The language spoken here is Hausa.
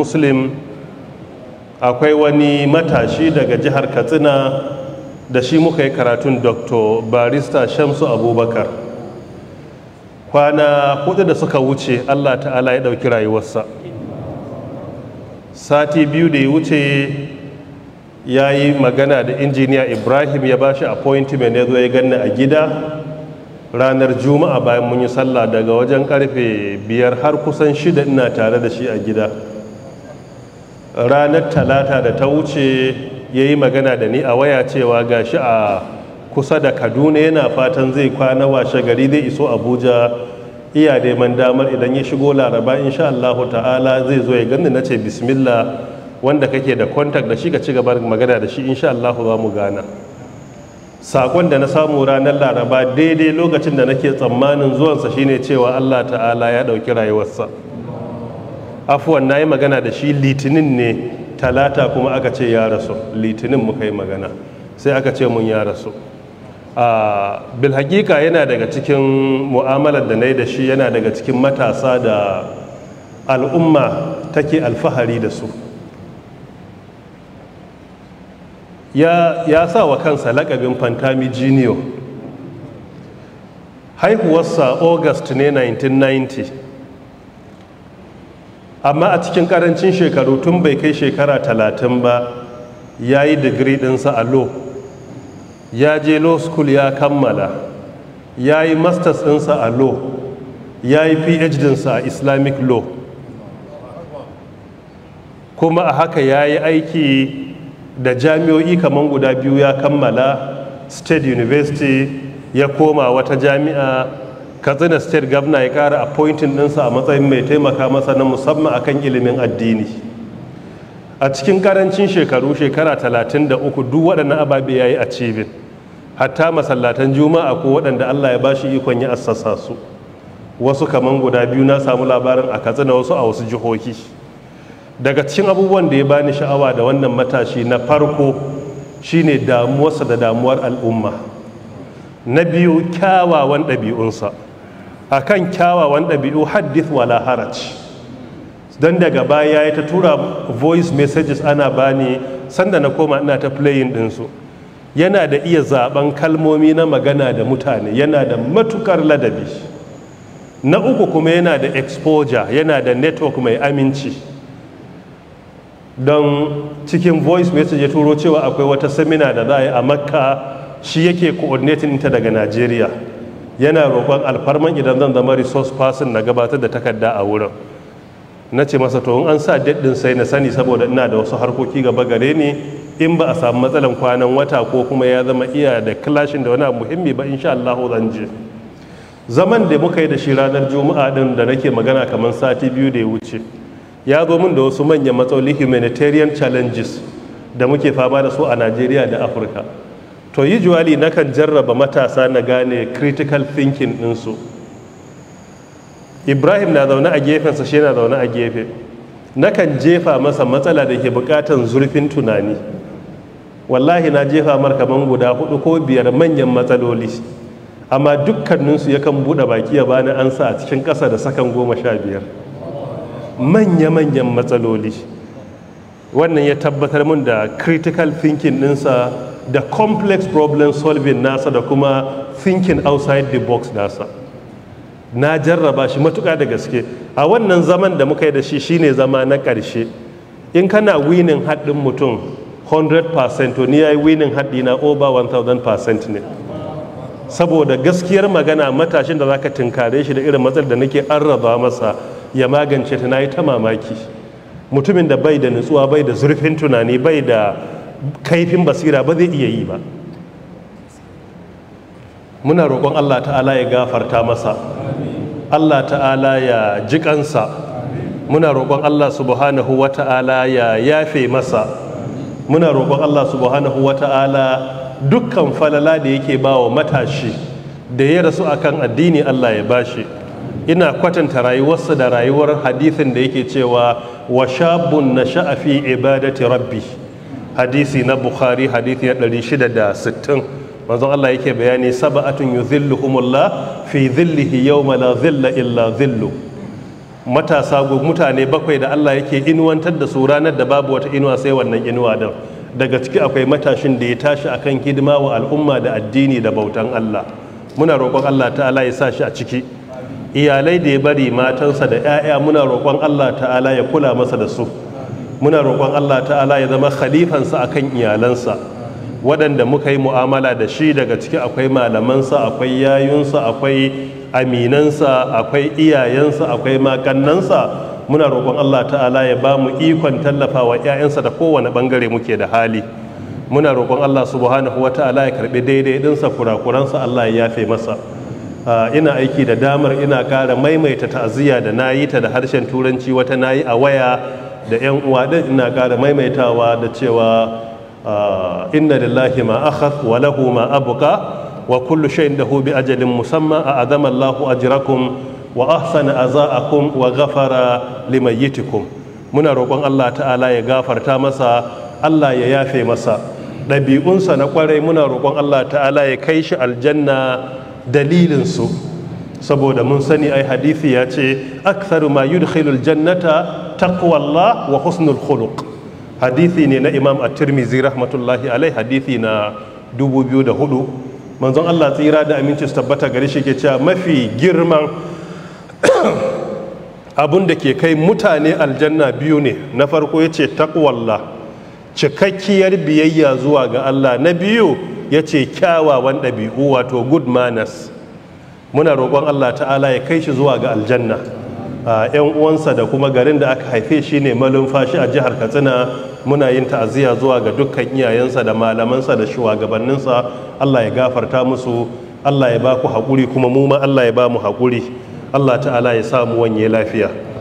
muslim akwai wani matashi daga jihar katsina da shi muka yi karatun dr barista shamsu abubakar kwana hudu da suka wuce allah ta'ala ya dauki rayuwarsa sati biyu da ya wuce ya yi magana da injiniya ibrahim ya bashi appointment ya zo ya ganni a gida ranar juma'a bayan mun yi sallah daga wajen karfe biyar har kusan shida ina tare da shi a gida ranar talata da ta wuce ya yi magana da ni a waya cewa gashi a kusa da kaduna yana fatan zai kwana washe gari zai iso abuja iya neman damar idan ya shigo laraba insha Allah ta'ala zai zo ya gani na ce bismillah wanda kake da kwantar da shi ka ci gaba magana da shi insha Allah za mu gana sakon da na samu ranar laraba daidai lokacin da nake tsammanin zuwansa shine cewa Allah ta'ala ya ɗauki rayuwarsa afuwan na yi magana da shi litinin ne talata kuma aka ce ya rasu litinin muka yi magana sai aka ce mun ya rasu a bilhakika yana daga cikin mu'amalar da na yi da shi yana daga cikin matasa da al'umma take alfahari da su ya, sa wa kansa lakabin fantami junior haihuwarsa august ne 1990 amma a cikin karancin shekaru tun bai kai shekara talatin ba ya yi digiri ɗinsa a lo. ya je law school ya kammala ya yi masters ɗinsa a lo. ya yi phd ɗinsa a islamic law kuma a haka ya yi aiki da jami'o'i kamar guda biyu ya kammala state university ya koma wata jami'a katsina state gabna ya kara appointing ɗinsa a matsayin mai taimaka masa na musamman akan ilimin addini a cikin karancin shekaru shekara talatin da uku duk waɗannan ababe ya yi a cibin hatta masallatan juma'a ko waɗanda allah ya bashi ikon ya assasa su wasu kaman guda biyu na samu labarin a katsina wasu a wasu jihohi daga cikin abubuwan da ya bani sha'awa da wannan matashi na farko shine damuwarsa da damuwar al'umma na biyu kyawawan ɗabi'unsa a akan kyawawan ɗabi'u haddith wala haraj don daga baya ya ta tura voice messages ana bani sanda na koma ina ta playing ɗinsu yana da iya zaben kalmomi na magana da mutane yana da matukar ladabi na uku kuma yana da exposure yana da network mai aminci don cikin voice message ya turo cewa akwai wata seminar da za a yi a makka shi yake coordinating ta daga nigeria. yana roƙon alfarman idan zan zama resource person na gabatar da takarda a wurin na ce masa to an sa daɗin sai na sani saboda ina da wasu harkoki gaba gare ni in ba a samu matsalan kwanan wata ko kuma ya zama iya da clashin da wani abu muhimmi ba insha Allah zan je zaman da muka yi da shi ranar juma'a din da nake magana kamar sati biyu da ya wuce ya zo min da wasu manyan matsaloli humanitarian challenges da muke fama da su a Najeriya da Afirka to yi juwali nakan jarraba matasa na gane critical thinking ɗinsu ibrahim na zaune a gefensa shi na zaune a gefe nakan jefa masa matsala da ke bukatan zurfin tunani wallahi na jefa markaman guda hudu ko biyar manyan matsaloli amma dukkaninsu yakan buɗe baki ya bani an sa a cikin ƙasa da sakan goma sha biyar manya-manyan matsaloli wannan ya tabbatar mun da critical thinking ɗinsa da complex problem solving nasa da kuma thinking outside the box nasa na jarraba shi matuƙa da gaske a wannan zaman da muka yi da shi shine zama na ƙarshe in kana winin haɗin mutum 100% to ni ya yi winin haɗi na over 1000% ne saboda gaskiyar magana matashin da zaka tinkare shi da irin matsal da nake arraba masa ya magance ta na yi ta mamaki mutumin da bai da nutsuwa bai da zurfin tunani bai da kaifin basira ba zai iya yi ba muna roƙon Allah ta'ala ya gafarta masa Allah ta'ala ya jiƙansa muna roƙon Allah subhanahu wa ta'ala ya yafe masa muna roƙon Allah subhanahu wa ta'ala dukkan falala da yake ba wa matashi da ya rasu a kan addini Allah ya bashi ina kwatanta rayuwarsa da rayuwar hadithin da yake cewa wa shabun na sha'afi ibadati rabbi hadisi na bukhari hadisi na 660 manzon Allah yake bayani sab'atun yuzilluhumullah fi zillihi yawma la zilla illa zillu matasa mutane bakwai da Allah yake inuwantar da su ranar da babu wata inuwa sai wannan inuwa din daga ciki akwai matashin da ya tashi akan hidima wa al'umma da addini da bautan Allah muna roƙon Allah ta'ala ya sa shi a ciki iyalai da ya bari matansa da 'ya'ya muna roƙon Allah ta'ala ya kula masa da su muna roƙon Allah ta'ala ya zama khalifansa a kan iyalansa waɗanda muka yi mu'amala da shi daga ciki akwai malamansa akwai yayunsa akwai aminansa akwai iyayensa akwai makannansa muna roƙon Allah ta'ala ya ba mu ikon tallafawa 'ya'yansa da kowane ɓangare muke da hali muna roƙon Allah subhanahu wa ta'ala ya karɓi daidai kurakuransa Allah ya yafe masa ina aiki da damar ina kara maimaita ta'aziyya da na yi ta da harshen turanci wata na yi a waya da 'yan uwa din ina ƙara maimaitawa da cewa ah, inna lillahi ma akhadh wa lahu ma abqa wa kullu shay'in dahu bi ajalin musamma a adama Allahu ajrakum wa ahsana azaakum wa ghafara limayyitikum muna roƙon Allah ta'ala ya gafarta masa Allah ya yafe masa ɗabi'unsa na ƙwarai muna roƙon Allah ta'ala ya kai shi aljanna dalilinsu saboda mun sani ai hadisi ya ce aktharu ma yudkhilul jannata Allah wa husnul khuluq hadisi ne na imam at-tirmidhi rahmatullahi alai hadisi na 2004 manzon Allah tsira da aminci su tabbata gare shi ke cewa mafi girman abun da ke kai mutane aljanna biyu ne na farko yace Allah cikakkiyar biyayya zuwa ga Allah na biyu yace kyawawan ɗabi'u wato good manners muna roƙon Allah ta'ala ya kai shi zuwa ga aljanna Ah, yan uwansa da kuma garin da aka haife shi ne malumfashi a jihar katsina muna yin ta'aziyya zuwa ga dukkan iyayensa da malamansa da shugabanninsa allah ya gafarta musu allah ya ba ku haƙuri kuma mu ma allah ya ba mu haƙuri allah ta'ala ya samu wanye lafiya